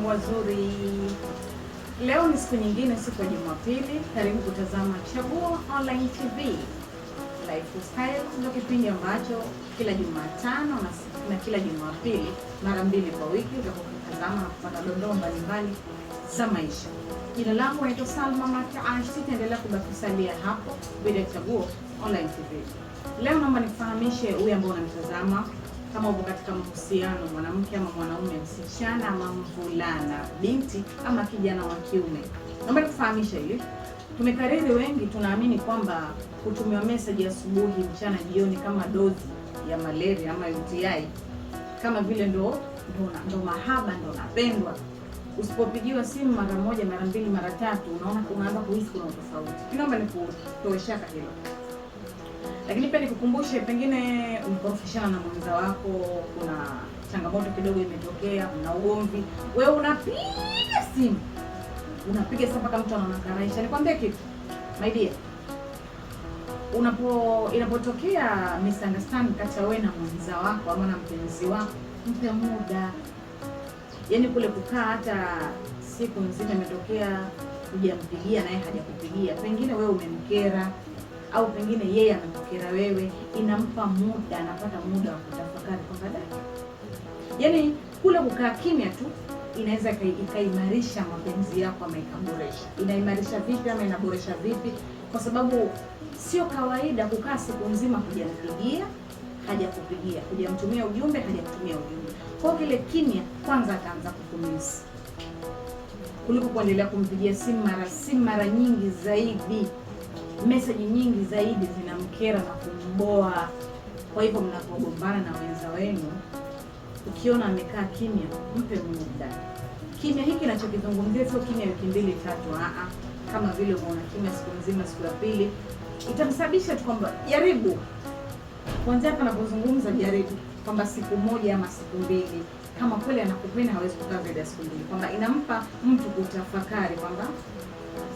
Mambo wazuri, leo ni siku nyingine, siku ya Jumapili. Karibu kutazama Chaguo Online TV Lifestyle, ndio kipindi ambacho kila Jumatano na, na kila Jumapili mara mbili kwa wiki utakapotazama na kupata dondoo mbalimbali za maisha. Jina langu naitwa Salma Mataash, sitaendelea kubakisalia hapo bila Chaguo Online TV. Leo naomba nikufahamishe, huyu ambao unamtazama kama uko katika mahusiano, mwanamke ama mwanaume, msichana ama mvulana, binti ama kijana wa kiume, naomba nikufahamisha hili. Tumekariri wengi tunaamini kwamba kutumiwa meseji asubuhi, mchana, jioni kama dozi ya malaria ama UTI, kama vile ndo ndo, ndo mahaba ndo napendwa. Usipopigiwa simu mara moja, mara mbili, mara tatu, unaona unaanza kuhisi kuna tofauti. Naomba nikutoe shaka hilo. Lakini pia nikukumbushe, pengine umekofishana na mwenza wako, kuna changamoto kidogo imetokea, kuna ugomvi, wewe unapiga simu, unapiga simu mpaka mtu anakaraisha. Nikwambie kitu my dear, unapo inapotokea misunderstanding kati ya wewe na mwenza wako ama na mpenzi wako, mpe muda, yaani kule kukaa hata siku nzima, imetokea hujampigia naye hajakupigia, pengine wewe umemkera au pengine yeye anakukera wewe, inampa muda, anapata muda wa kutafakari kwamba yaani kule kukaa kimya tu inaweza ikaimarisha mapenzi yako ama ikaboresha. Inaimarisha vipi ama inaboresha vipi? Kwa sababu sio kawaida kukaa siku nzima hujampigia, hajakupigia, hujamtumia ujumbe, hajamtumia ujumbe. Kwa kile kimya kwanza ataanza kukumisi kuliko kuendelea kumpigia simu mara simu mara nyingi zaidi meseji nyingi zaidi zinamkera na kumboa. Kwa hivyo mnapogombana na wenza wenu, ukiona amekaa kimya, mpe muda. Kimya hiki nachokizungumzia sio kimya wiki mbili tatu, a kama vile umeona kimya siku nzima, siku ya pili itamsababisha tu kwamba jaribu kuanzia hapa anapozungumza, jaribu kwamba siku moja ama siku mbili, kama kweli anakupenda hawezi kukaa zaidi ya siku mbili, kwamba inampa mtu kutafakari kwamba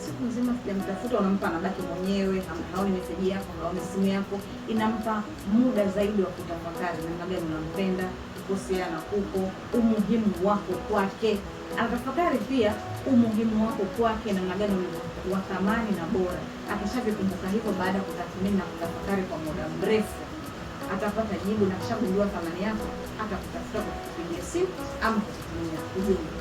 siku nzima sijamtafuta, unampa anabaki mwenyewe, haoni meseji yako, haoni simu yako, inampa muda zaidi wa kutafakari namna gani unampenda, kuhusiana kuko umuhimu wako kwake, atafakari pia umuhimu wako kwake, namna gani wa thamani na bora. Akishavikumbuka hivyo, baada ya kutathmini na kutafakari kwa muda mrefu, atapata jibu na kishagundua thamani yako, kutafuta kwa kupigia simu ama kutumia ujumbe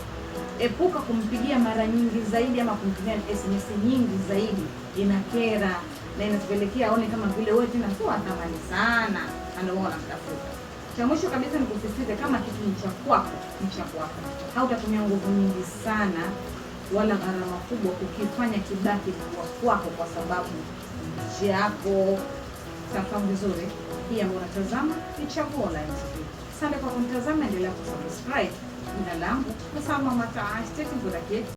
epuka kumpigia mara nyingi zaidi ama kumtumia SMS nyingi zaidi, inakera na inatupelekea aone kama vile wewe tena sio thamani sana, ndio unamtafuta. Cha mwisho kabisa ni kusisitiza, kama kitu ni cha kwako ni cha kwako, hautatumia nguvu nyingi sana wala gharama kubwa kukifanya kibaki kuwa kwako, kwa sababu chako tafamu nzuri hii ambayo unatazama ni Chaguo Online Asante kwa kumtazama, endelea kusubscribe na lang. Kasama matcha ice, check yung bulakit.